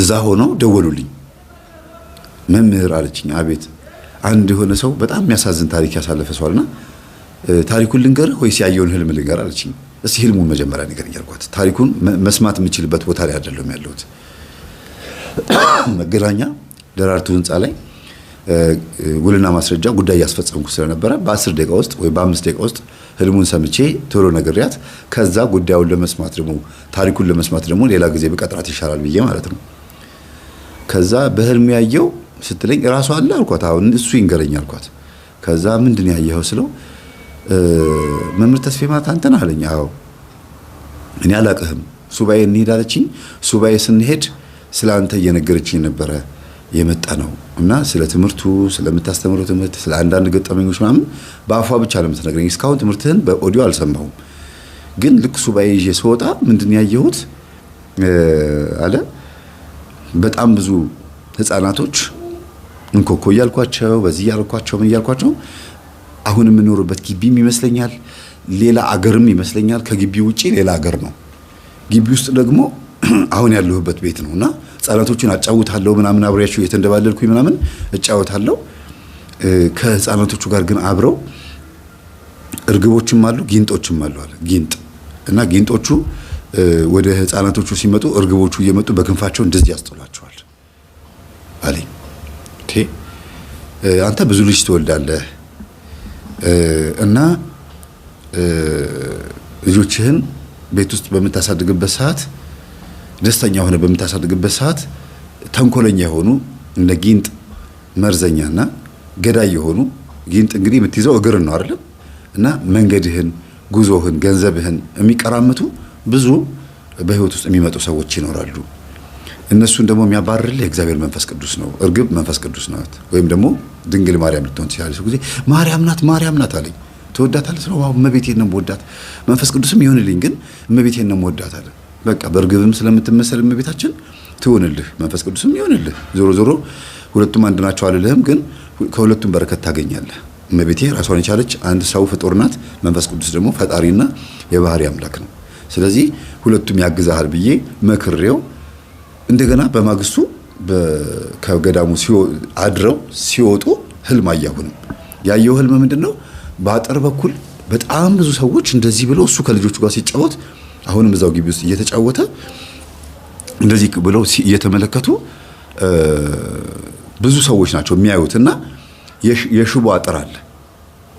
እዛ ሆነው ደወሉልኝ። መምህር አለችኝ። አቤት። አንድ የሆነ ሰው በጣም የሚያሳዝን ታሪክ ያሳለፈ ሰው አለና ታሪኩን ልንገርህ ወይስ ያየውን ህልም ልንገር አለችኝ። እስቲ ህልሙን መጀመሪያ ንገረኝ አልኳት። ታሪኩን መስማት የምችልበት ቦታ ላይ አይደለም ያለሁት። መገናኛ ደራርቱ ህንፃ ላይ ውልና ማስረጃ ጉዳይ እያስፈጸምኩ ስለነበረ በ10 ደቂቃ ውስጥ ወይ በአምስት ደቂቃ ውስጥ ህልሙን ሰምቼ ቶሎ ነግሬያት ከዛ ጉዳዩን ለመስማት ደግሞ ታሪኩን ለመስማት ደግሞ ሌላ ጊዜ በቀጥራት ይሻላል ብዬ ማለት ነው። ከዛ በህልም ያየው ስትለኝ ራሱ አለ አልኳት። አሁን እሱ ይንገረኝ አልኳት። ከዛ ምንድን ያየኸው ስለው መምህር ተስፌ ማለት አንተ አለኝ። አዎ እኔ አላቅህም። ሱባኤ እንሄዳለችኝ። ሱባኤ ስንሄድ ስለ አንተ እየነገረችኝ ነበረ የመጣ ነው እና ስለ ትምህርቱ ስለምታስተምረው ትምህርት ስለ አንዳንድ ገጠመኞች ምናምን በአፏ ብቻ ነው የምትነግረኝ። እስካሁን ትምህርትህን በኦዲዮ አልሰማሁም፣ ግን ልክ ሱባኤ ይዤ ስወጣ ምንድን ያየሁት አለ በጣም ብዙ ህጻናቶች እንኮኮ እያልኳቸው በዚህ እያልኳቸው ምን እያልኳቸው አሁን የምኖርበት ግቢም ይመስለኛል ሌላ አገርም ይመስለኛል። ከግቢ ውጭ ሌላ አገር ነው። ግቢ ውስጥ ደግሞ አሁን ያለሁበት ቤት ነው እና ህጻናቶቹን አጫውታለሁ ምናምን አብሬያቸው እየተንደባለልኩኝ ምናምን እጫወታለሁ። ከህጻናቶቹ ጋር ግን አብረው እርግቦችም አሉ ጊንጦችም አሉ አለ ጊንጥ እና ጊንጦቹ ወደ ህጻናቶቹ ሲመጡ እርግቦቹ እየመጡ በክንፋቸው እንደዚህ ያስጥሏቸዋል አለኝ። አንተ ብዙ ልጅ ትወልዳለህ እና ልጆችህን ቤት ውስጥ በምታሳድግበት ሰዓት ደስተኛ ሆነ በምታሳድግበት ሰዓት ተንኮለኛ የሆኑ እንደ ጊንጥ መርዘኛና ገዳይ የሆኑ ጊንጥ እንግዲህ የምትይዘው እግርን ነው አይደለም እና መንገድህን፣ ጉዞህን፣ ገንዘብህን የሚቀራምቱ ብዙ በህይወት ውስጥ የሚመጡ ሰዎች ይኖራሉ። እነሱን ደግሞ የሚያባርልህ የእግዚአብሔር መንፈስ ቅዱስ ነው። እርግብ መንፈስ ቅዱስ ናት፣ ወይም ደግሞ ድንግል ማርያም ልትሆን ትችላለች። ጊዜ ማርያም ናት ማርያም ናት አለኝ። ትወዳታለህ? ስለ እመቤቴን ነው የምወዳት። መንፈስ ቅዱስም ይሆንልኝ ግን እመቤቴን ነው የምወዳት አለ። በቃ በእርግብም ስለምትመሰል እመቤታችን ትሆንልህ፣ መንፈስ ቅዱስም ይሆንልህ። ዞሮ ዞሮ ሁለቱም አንድ ናቸው አልልህም፣ ግን ከሁለቱም በረከት ታገኛለህ። እመቤቴ ራሷን የቻለች አንድ ሰው ፍጡር ናት። መንፈስ ቅዱስ ደግሞ ፈጣሪና የባህሪ አምላክ ነው። ስለዚህ ሁለቱም ያግዛሃል ብዬ መክሬው እንደገና በማግስቱ ከገዳሙ አድረው ሲወጡ ህልም አያሁንም ያየው ህልም ምንድን ነው? በአጥር በኩል በጣም ብዙ ሰዎች እንደዚህ ብለው እሱ ከልጆቹ ጋር ሲጫወት አሁንም እዛው ግቢ ውስጥ እየተጫወተ እንደዚህ ብለው እየተመለከቱ ብዙ ሰዎች ናቸው የሚያዩት እና የሽቦ አጥር አለ።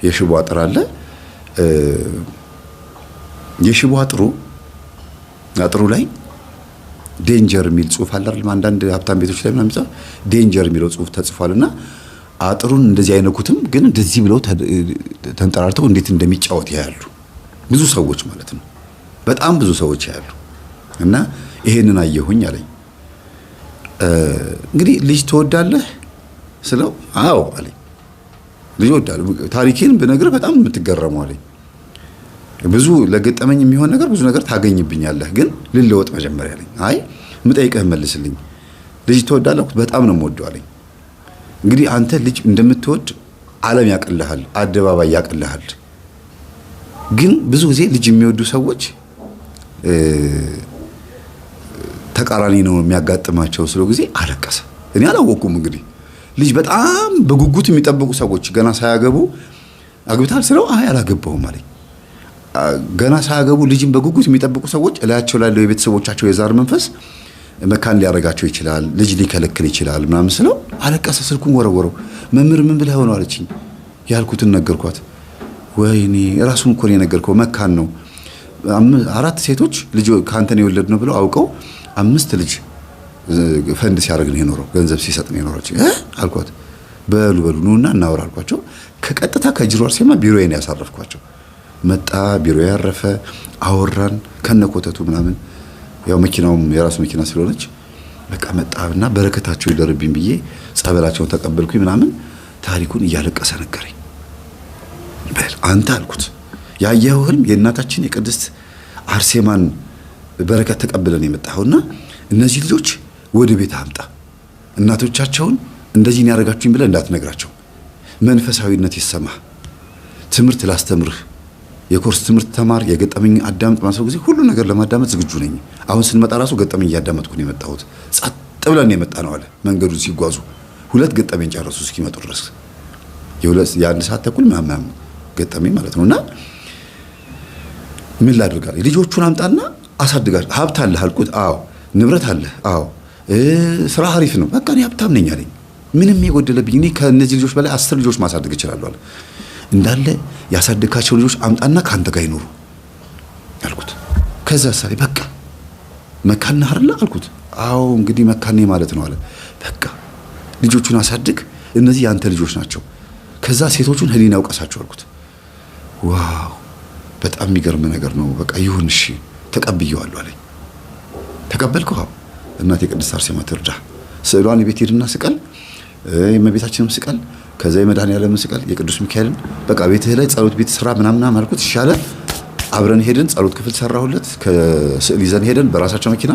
የሽቦ አጥር አለ። የሽቦ አጥሩ አጥሩ ላይ ዴንጀር የሚል ጽሁፍ አለ አይደል? አንዳንድ ሀብታም ቤቶች ላይ ምናምን ዴንጀር የሚለው ጽሁፍ ተጽፏል እና አጥሩን እንደዚህ አይነኩትም፣ ግን እንደዚህ ብለው ተንጠራርተው እንዴት እንደሚጫወት ያያሉ ብዙ ሰዎች ማለት ነው። በጣም ብዙ ሰዎች ያሉ እና ይሄንን አየሁኝ አለኝ። እንግዲህ ልጅ ትወዳለህ ስለው አዎ አለኝ። ልጅ ወዳለ ታሪኬን ብነግርህ በጣም የምትገረመው አለኝ። ብዙ ለገጠመኝ የሚሆን ነገር ብዙ ነገር ታገኝብኛለህ፣ ግን ልለወጥ መጀመሪያ አለኝ። አይ ምጠይቅህ መልስልኝ። ልጅ ትወዳለህ? በጣም ነው የምወደው አለኝ። እንግዲህ አንተ ልጅ እንደምትወድ ዓለም ያቀልሃል፣ አደባባይ ያቀልሃል። ግን ብዙ ጊዜ ልጅ የሚወዱ ሰዎች ተቃራኒ ነው የሚያጋጥማቸው ስለ ጊዜ አለቀሰ። እኔ አላወቅኩም እንግዲህ ልጅ በጣም በጉጉት የሚጠብቁ ሰዎች ገና ሳያገቡ አግብታል ስለው አይ አላገባውም አለኝ። ገና ሳያገቡ ልጅም በጉጉት የሚጠብቁ ሰዎች እላያቸው ላለው የቤተሰቦቻቸው የዛር መንፈስ መካን ሊያደርጋቸው ይችላል፣ ልጅ ሊከለክል ይችላል ምናምን ስለው አለቀሰ። ስልኩን ወረወረው። መምህር ምን ብለህ ሆነው አለችኝ። ያልኩትን ነገርኳት። ወይኔ ራሱን እኮ ነው የነገርከው፣ መካን ነው አራት ሴቶች ልጅ ከአንተን የወለድ ነው ብለው አውቀው አምስት ልጅ ፈንድ ሲያደርግ ነው የኖረው፣ ገንዘብ ሲሰጥ ነው የኖረችው አልኳት። በሉ በሉ ኑና እናወራ አልኳቸው። ከቀጥታ ከጅሮ አርሴማ ቢሮዬን ያሳረፍኳቸው። መጣ ቢሮ ያረፈ፣ አወራን ከነኮተቱ ምናምን። ያው መኪናውም የራሱ መኪና ስለሆነች በቃ መጣና በረከታቸው ይደርብኝ ብዬ ጸበላቸውን ተቀበልኩኝ ምናምን። ታሪኩን እያለቀሰ ነገረኝ። በል አንተ አልኩት ያየኸው ህልም የእናታችን የቅድስት አርሴማን በረከት ተቀብለን የመጣኸውና እነዚህ ልጆች ወደ ቤት አምጣ፣ እናቶቻቸውን እንደዚህ ያደረጋችሁኝ ብለህ እንዳትነግራቸው፣ መንፈሳዊነት ይሰማህ፣ ትምህርት ላስተምርህ፣ የኮርስ ትምህርት ተማር፣ የገጠመኝ አዳምጥ። ማሰብ ጊዜ ሁሉ ነገር ለማዳመጥ ዝግጁ ነኝ። አሁን ስንመጣ ራሱ ገጠመኝ እያዳመጥኩ ነው የመጣሁት። ጸጥ ብለን የመጣ ነው አለ። መንገዱን ሲጓዙ ሁለት ገጠመኝ ጨረሱ እስኪመጡ ድረስ የአንድ ሰዓት ተኩል ምናምን ገጠመኝ ማለት ነው እና ምን ላድርጋል? ልጆቹን አምጣና አሳድጋል። ሀብት አለህ አልኩት። አዎ። ንብረት አለህ? አዎ። ስራ አሪፍ ነው። በቃ እኔ ሀብታም ነኝ አለኝ። ምንም የጎደለብኝ እኔ ከእነዚህ ልጆች በላይ አስር ልጆች ማሳደግ እችላለሁ። እንዳለ ያሳደግካቸው ልጆች አምጣና ከአንተ ጋር ይኖሩ አልኩት። ከዛ ሳ በቃ መካን አልኩት። አዎ እንግዲህ መካኔ ማለት ነው አለ። በቃ ልጆቹን አሳድግ፣ እነዚህ የአንተ ልጆች ናቸው። ከዛ ሴቶቹን ህሊና ያውቀሳቸው አልኩት። ዋው በጣም የሚገርም ነገር ነው። በቃ ይሁን እሺ ተቀብየዋለሁ አለኝ። ተቀበልኩህ? አዎ። እናቴ ቅድስት አርሴማ ትርዳ። ስዕሏን የቤት ሄድና ስቀል፣ የእመቤታችንም ስቀል፣ ከዛ የመድኃኔዓለም ስቀል፣ የቅዱስ ሚካኤልን በቃ ቤትህ ላይ ጸሎት ቤት ስራ ምናምና አልኩት። ይሻለ አብረን ሄድን። ጸሎት ክፍል ሰራሁለት። ከስዕል ይዘን ሄደን በራሳቸው መኪና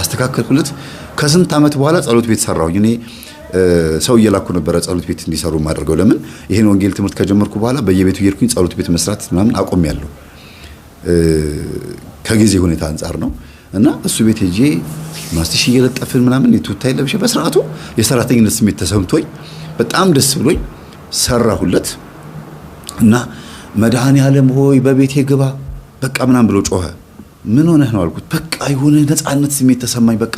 አስተካከልኩለት። ከስንት ዓመት በኋላ ጸሎት ቤት ሰራሁኝ እኔ ሰው እየላኩ ነበረ ጸሎት ቤት እንዲሰሩ ማድረገው። ለምን ይሄን ወንጌል ትምህርት ከጀመርኩ በኋላ በየቤቱ እየሄድኩኝ ጸሎት ቤት መስራት ምናምን ያለው ከጊዜ ሁኔታ አንጻር ነው። እና እሱ ቤት ሄጄ ማስትሽ እየለጠፍን ምናምን የቱታይ ለብሼ በስርዓቱ የሰራተኝነት ስሜት ተሰምቶኝ በጣም ደስ ብሎኝ ሰራሁለት እና መድኃኔ ዓለም ሆይ በቤቴ ግባ በቃ ምናምን ብሎ ጮኸ። ምን ሆነህ ነው አልኩት። በቃ የሆነ ነፃነት ስሜት ተሰማኝ። በቃ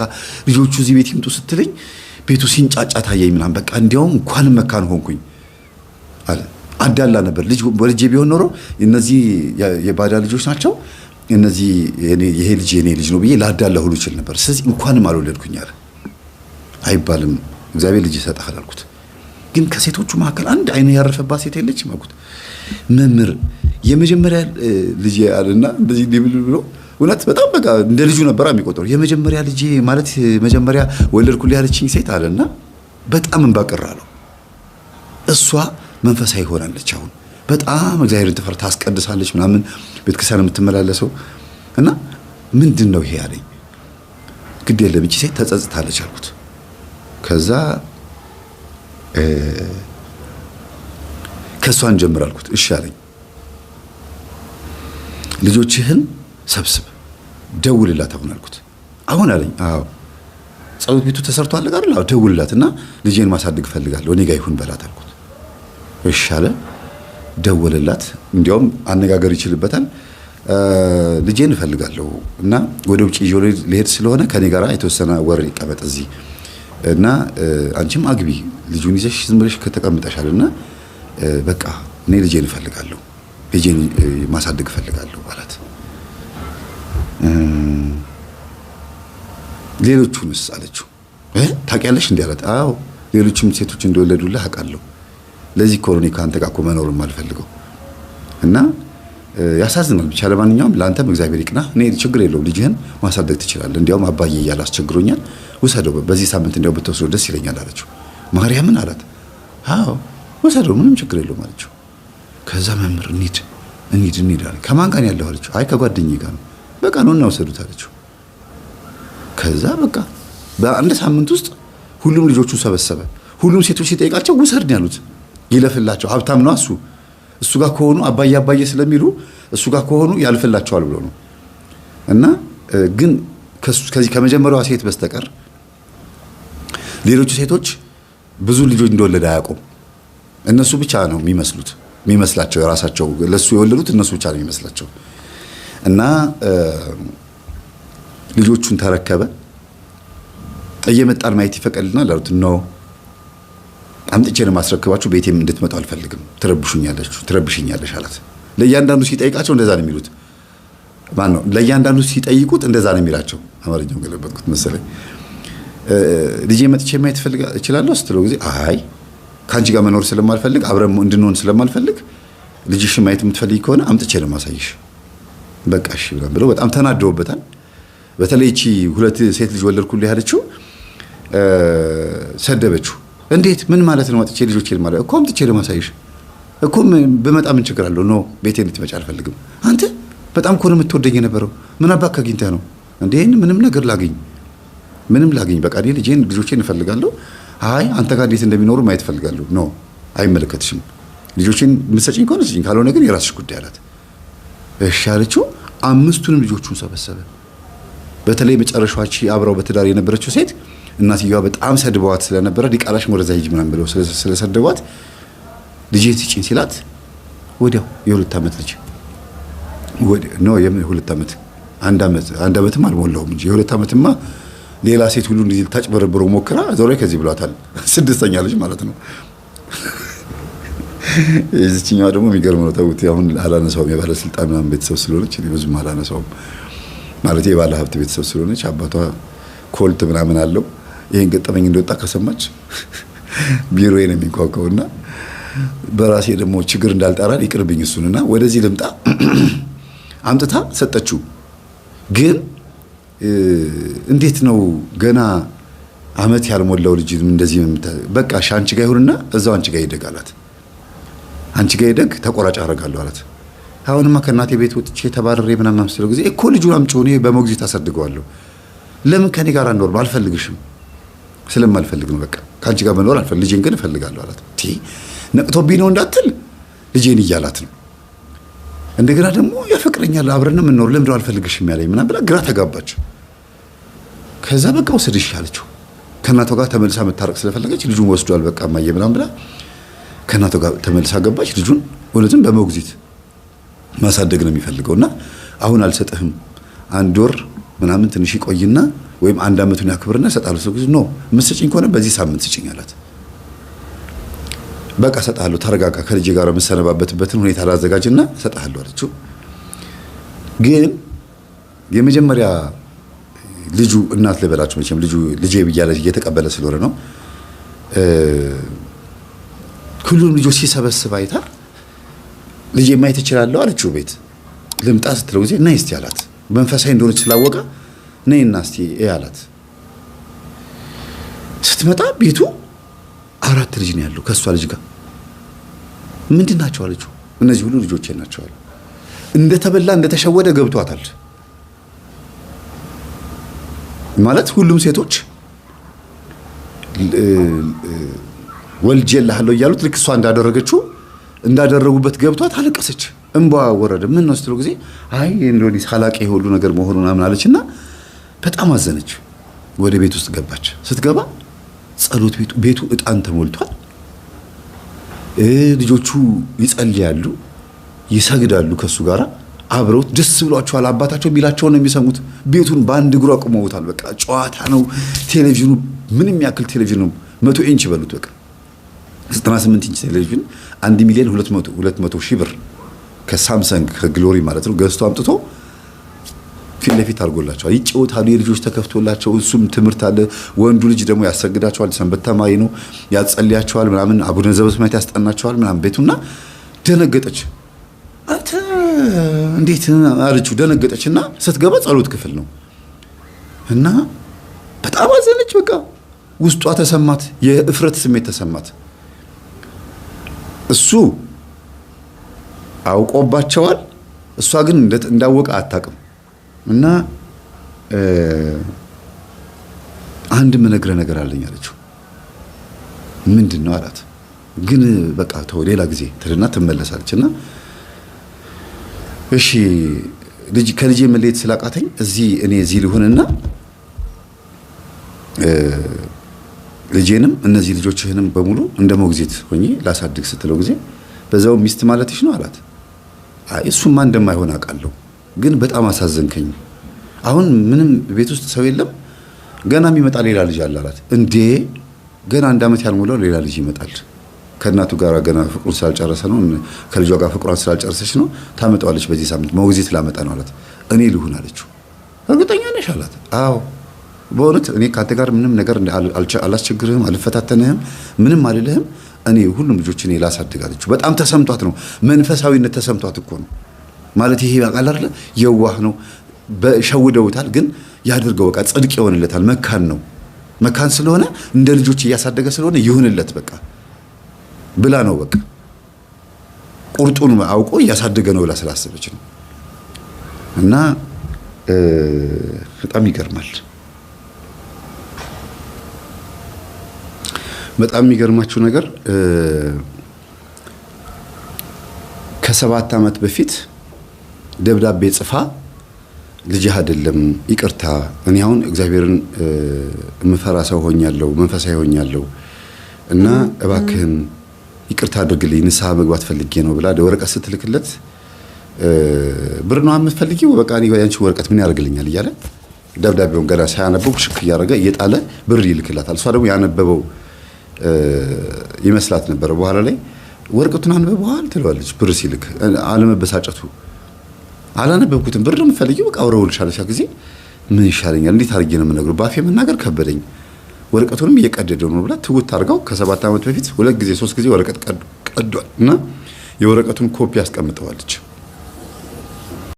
ልጆቹ እዚህ ቤት ይምጡ ስትለኝ ቤቱ ሲንጫጫ ታየኝ ምናምን በቃ እንዲያውም እንኳን መካን ሆንኩኝ አለ። አዳላ ነበር ልጅ ወልጄ ቢሆን ኖሮ እነዚህ የባዳ ልጆች ናቸው እነዚህ ይሄ ልጅ የኔ ልጅ ነው ብዬ ላዳላ ሁሉ ይችል ነበር። ስለዚህ እንኳንም አልወለድኩኝ አለ። አይባልም እግዚአብሔር ልጅ ይሰጥሃል አልኩት። ግን ከሴቶቹ መካከል አንድ አይኑ ያረፈባት ሴት የለችም አልኩት። መምህር የመጀመሪያ ልጅ አለና እንደዚህ ብሎ እውነት በጣም በቃ እንደ ልጁ ነበር የሚቆጠሩ። የመጀመሪያ ልጅ ማለት መጀመሪያ ወለድኩልህ ያለችኝ ሴት አለና በጣም እንባቀር አለው። እሷ መንፈሳዊ ሆናለች። አሁን በጣም እግዚአብሔርን ትፈራ ታስቀድሳለች፣ ምናምን ቤተክርስቲያን የምትመላለሰው እና ምንድን ነው ይሄ ያለኝ። ግድ የለም እቺ ሴት ተጸጽታለች አልኩት። ከዛ ከእሷን ጀምር አልኩት። እሺ አለኝ ልጆችህን ሰብስብ፣ ደውልላት አሁን አልኩት። አሁን አለኝ። አዎ ጸሎት ቤቱ ተሰርቶ አለ ጋር አዎ ደውልላት እና ልጄን ማሳደግ ፈልጋለሁ እኔ ጋር ይሁን በላት አልኩት። እሺ አለ። ደውልላት እንዲያውም አነጋገር ይችልበታል። ልጄን እፈልጋለሁ እና ወደ ውጭ ይዤው ልሄድ ስለሆነ ከኔ ጋር የተወሰነ ወር ይቀመጥ እዚህ እና አንቺም አግቢ ልጁን ይዘሽ ዝም ብለሽ ከተቀምጠሻል እና በቃ እኔ ልጄን እፈልጋለሁ ልጄን ማሳደግ እፈልጋለሁ አላት። ሌሎቹንስ አለችው። ታውቂያለሽ? እንዲህ አላት። አዎ ሌሎችም ሴቶች እንደወለዱልህ አውቃለሁ። ለዚህ እኮ ነው እኔ ከአንተ ጋር እኮ መኖርም አልፈልገው እና ያሳዝናል። ብቻ ለማንኛውም ለአንተም እግዚአብሔር ይቅና። እኔ ችግር የለውም ልጅህን ማሳደግ ትችላለህ። እንዲያውም አባዬ እያለ አስቸግሮኛል፣ ውሰደው። በዚህ ሳምንት እንዲያው ብትወስዶ ደስ ይለኛል አለችው። ማርያምን አላት። አዎ ውሰደው፣ ምንም ችግር የለውም አለችው። ከዛ መምህር እንሂድ እንሂድ እንሂድ አለ። ከማን ጋር ያለው አለችው። አይ ከጓደኛዬ ጋር ነው። በቃ ነው እናወሰዱት አለችው። ከዛ በቃ በአንድ ሳምንት ውስጥ ሁሉም ልጆቹ ሰበሰበ። ሁሉም ሴቶች ሲጠይቃቸው ውሰድ ያሉት። ይለፍላቸው ሀብታም ነው እሱ እሱ ጋር ከሆኑ አባዬ አባዬ ስለሚሉ እሱ ጋር ከሆኑ ያልፍላቸዋል ብሎ ነው እና ግን ከዚህ ከመጀመሪያዋ ሴት በስተቀር ሌሎቹ ሴቶች ብዙ ልጆች እንደወለደ አያውቁም። እነሱ ብቻ ነው የሚመስሉት የሚመስላቸው የራሳቸው ለሱ የወለዱት እነሱ ብቻ ነው የሚመስላቸው። እና ልጆቹን ተረከበ። እየመጣን ማየት ይፈቀድልናል አሉት። ነው አምጥቼ ነው የማስረክባችሁ፣ ቤቴም እንድትመጡ አልፈልግም፣ ትረብሹኛለች ትረብሽኛለች አላት። ለእያንዳንዱ ሲጠይቃቸው እንደዛ ነው የሚሉት። ማን ነው ለእያንዳንዱ ሲጠይቁት እንደዛ ነው የሚላቸው። አማርኛው ገለበኩት መሰለኝ። ልጄ መጥቼ ማየት እችላለሁ ስትለው ጊዜ አይ ከአንቺ ጋር መኖር ስለማልፈልግ አብረን እንድንሆን ስለማልፈልግ ልጅሽ ማየት የምትፈልግ ከሆነ አምጥቼ ነው ማሳይሽ በቃ እሺ ብለው በጣም ተናደውበታል። በተለይ እቺ ሁለት ሴት ልጅ ወለድኩልህ ያለችው ሰደበችው። እንዴት ምን ማለት ነው? መጥቼ ልጆች ማለት እኮ አምጥቼ ለማሳይሽ እኮ በመጣ ምን ችግር አለው? ኖ ቤቴ እንድትመጪ አልፈልግም። አንተ በጣም እኮ ነው የምትወደኝ የነበረው። ምን አባክ ካግኝተህ ነው እንዴ? ምንም ነገር ላግኝ፣ ምንም ላግኝ። በቃ እኔ ልጄን ልጆቼን እፈልጋለሁ። አይ አንተ ጋር እንዴት እንደሚኖሩ ማየት እፈልጋለሁ። ኖ አይመለከትሽም። ልጆቼን የምትሰጪኝ ከሆነ ስጪኝ፣ ካልሆነ ግን የራስሽ ጉዳይ አላት። እሺ አለችው። አምስቱንም ልጆቹን ሰበሰበ። በተለይ መጨረሻች አብረው በትዳር የነበረችው ሴት እናትየዋ በጣም ሰድበዋት ስለነበረ ዲቃላሽ ወደዛ ሂጅ ምናምን ብለው ስለሰደቧት ልጄ ትጭኝ ሲላት ወዲያው የሁለት ዓመት ልጅ ኖ የሁለት ዓመት አንድ ዓመት አንድ ዓመትም አልሞላውም እንጂ የሁለት ዓመትማ ሌላ ሴት ሁሉ እንዲህ ታጭበረብረው ሞክራ እዛው ከዚህ ብሏታል። ስድስተኛ ልጅ ማለት ነው። የዚችኛዋ ደግሞ የሚገርም ነው። ተውት አሁን አላነሳውም። የባለስልጣን ምናምን ቤተሰብ ስለሆነች ብዙም አላነሳውም ማለት የባለ ሀብት ቤተሰብ ስለሆነች አባቷ ኮልት ምናምን አለው። ይህን ገጠመኝ እንደወጣ ከሰማች ቢሮ ነው የሚንኳኳው እና በራሴ ደግሞ ችግር እንዳልጠራ ይቅርብኝ እሱን እና ወደዚህ ልምጣ አምጥታ ሰጠችው። ግን እንዴት ነው ገና አመት ያልሞላው ልጅ እንደዚህ በቃ አንቺ ጋር ይሁንና እዛው አንቺ ጋር ይደጋላት አንቺ ጋር ሄደግ ተቆራጭ አደርጋለሁ አላት። አሁንማ ከእናቴ ቤት ወጥቼ ተባረሬ ምናምን ምስለው ጊዜ እኮ ልጁን አምጪው እኔ በሞግዚት አሳድገዋለሁ። ለምን ከኔ ጋር አኖርም? አልፈልግሽም። ስለማልፈልግ ነው በቃ ከአንቺ ጋር መኖር አልፈልግ፣ ልጄን ግን እፈልጋለሁ አላት። ቲ ነቅቶብኝ ነው እንዳትል ልጄን እያላት ነው። እንደገና ደግሞ ያፈቅረኛል፣ አብረን የምንኖር ለምደው አልፈልግሽም ያለኝ ምናምን ብላ ግራ ተጋባች። ከዛ በቃ ወሰድሽ አለችው። ከእናቷ ጋር ተመልሳ መታረቅ ስለፈለገች ልጁን ወስዷል በቃ ማየ ምናምን ብላ ከእናቷ ጋር ተመልሳ ገባች። ልጁን እውነትም በሞግዚት ማሳደግ ነው የሚፈልገው እና አሁን አልሰጥህም አንድ ወር ምናምን ትንሽ ቆይና ወይም አንድ ዓመቱን ያክብርና እሰጥሃለሁ። ሰው ጊዜ ኖ ምስጭኝ ከሆነ በዚህ ሳምንት ስጭኝ አላት። በቃ እሰጥሃለሁ፣ ተረጋጋ፣ ከልጅ ጋር የምሰነባበትበትን ሁኔታ ላዘጋጅና እሰጥሃለሁ አለችው። ግን የመጀመሪያ ልጁ እናት ልበላችሁ መቼም ልጁ ልጄ ብያለች እየተቀበለ ስለሆነ ነው ሁሉንም ልጆች ሲሰበስብ አይታ ልጄ ማየት እችላለሁ አለችው። ቤት ልምጣ ስትለው ጊዜ ነይ እስቲ አላት። መንፈሳዊ እንደሆነች ስላወቀ እና እስቲ አላት። ስትመጣ ቤቱ አራት ልጅ ነው ያለው ከእሷ ልጅ ጋር። ምንድን ናቸው አለችው። እነዚህ ሁሉ ልጆቼ ናቸው አለ። እንደተበላ እንደተሸወደ ገብቷታል። ማለት ሁሉም ሴቶች ወልጄልሃለሁ እያሉት ልክ እሷ እንዳደረገችው እንዳደረጉበት ገብቷት አለቀሰች። እንባ ወረደ። ምን ነው ስትለው ጊዜ አይ እንደሆነ ሳላቅ የሁሉ ነገር መሆኑን አለች እና በጣም አዘነች። ወደ ቤት ውስጥ ገባች። ስትገባ ጸሎት ቤቱ ቤቱ እጣን ተሞልቷል። ልጆቹ ይጸልያሉ፣ ይሰግዳሉ። ከሱ ጋር አብረውት ደስ ብሏቸዋል። አባታቸው የሚላቸው ነው የሚሰሙት። ቤቱን በአንድ እግሩ አቁመውታል። በቃ ጨዋታ ነው ቴሌቪዥኑ። ምንም ያክል ቴሌቪዥን መቶ ኢንች ይበሉት በቃ 68 ኢንች ቴሌቪዥን 1 ሚሊዮን 200 200 ሺህ ብር ከሳምሰንግ ከግሎሪ ማለት ነው ገዝቶ አምጥቶ ፊት ለፊት አድርጎላቸዋል። ይጫወታሉ። የልጆች ተከፍቶላቸው እሱም ትምህርት አለ። ወንዱ ልጅ ደግሞ ያሰግዳቸዋል። ሰንበት ተማሪ ነው። ያጸልያቸዋል ምናምን አቡነ ዘበሰማያት ያስጠናቸዋል ምናምን። ቤቱና ደነገጠች። አንተ እንዴት አለችው። ደነገጠችና ስትገባ ጸሎት ክፍል ነው እና በጣም አዘነች። በቃ ውስጧ ተሰማት፣ የእፍረት ስሜት ተሰማት። እሱ አውቆባቸዋል። እሷ ግን እንዳወቀ አታውቅም። እና አንድ ምነግረ ነገር አለኝ አለችው። ምንድን ነው አላት። ግን በቃ ተው ሌላ ጊዜ ትልና ትመለሳለች። እና እሺ ልጅ ከልጄ መለየት ስላቃተኝ እዚህ እኔ እዚህ ልሆንና ልጄንም እነዚህ ልጆችህንም በሙሉ እንደ ሞግዚት ሆኜ ላሳድግ ስትለው ጊዜ በዛው ሚስት ማለትሽ ነው አላት። እሱማ እንደማይሆን አውቃለሁ፣ ግን በጣም አሳዘንከኝ። አሁን ምንም ቤት ውስጥ ሰው የለም፣ ገና የሚመጣ ሌላ ልጅ አለ አላት። እንዴ ገና አንድ ዓመት ያልሞላው ሌላ ልጅ ይመጣል። ከእናቱ ጋር ገና ፍቅሩን ስላልጨረሰ ነው፣ ከልጇ ጋር ፍቅሯን ስላልጨረሰች ነው። ታመጣዋለች በዚህ ሳምንት ሞግዚት ላመጣ ነው አላት። እኔ ልሁን አለችው። እርግጠኛ ነሽ አላት። አዎ በእውነት እኔ ከአንተ ጋር ምንም ነገር አላስቸግርህም፣ አልፈታተንህም፣ ምንም አልልህም። እኔ ሁሉም ልጆች እኔ ላሳድጋለች። በጣም ተሰምቷት ነው፣ መንፈሳዊነት ተሰምቷት እኮ ነው ማለት ይሄ ቃል የዋህ ነው፣ ሸውደውታል፣ ግን ያድርገው። በቃ ጽድቅ ይሆንለታል። መካን ነው፣ መካን ስለሆነ እንደ ልጆች እያሳደገ ስለሆነ ይሁንለት በቃ ብላ ነው በቃ ቁርጡን አውቆ እያሳደገ ነው ብላ ስላሰበች ነው። እና በጣም ይገርማል። በጣም የሚገርማችሁ ነገር ከሰባት ዓመት በፊት ደብዳቤ ጽፋ ልጅህ አይደለም ይቅርታ፣ እኔ አሁን እግዚአብሔርን የምፈራ ሰው ሆኛለሁ፣ መንፈሳዊ ሆኛለሁ እና እባክህን ይቅርታ አድርግልኝ፣ ንስሐ መግባት ፈልጌ ነው ብላ ወረቀት ስትልክለት ብር ነው የምትፈልጊው? በቃ ያንቺ ወረቀት ምን ያደርግልኛል እያለ ደብዳቤውን ገና ሳያነበው ሽክ እያደረገ እየጣለ ብር ይልክላታል። እሷ ደግሞ ያነበበው ይመስላት ነበር በኋላ ላይ ወረቀቱን አንብበዋል ትለዋለች ብር ሲልክ አለመበሳጨቱ አላነበብኩትም ብር ነው የምፈልጊው በቃ አውረውልሻለሻ ጊዜ ምን ይሻለኛል እንዴት አድርጌ ነው የምነግረው ባፌ መናገር ከበደኝ ወረቀቱንም እየቀደደው ነው ብላ ትውት አድርገው ከሰባት ዓመት በፊት ሁለት ጊዜ ሶስት ጊዜ ወረቀት ቀዷል እና የወረቀቱን ኮፒ አስቀምጠዋለች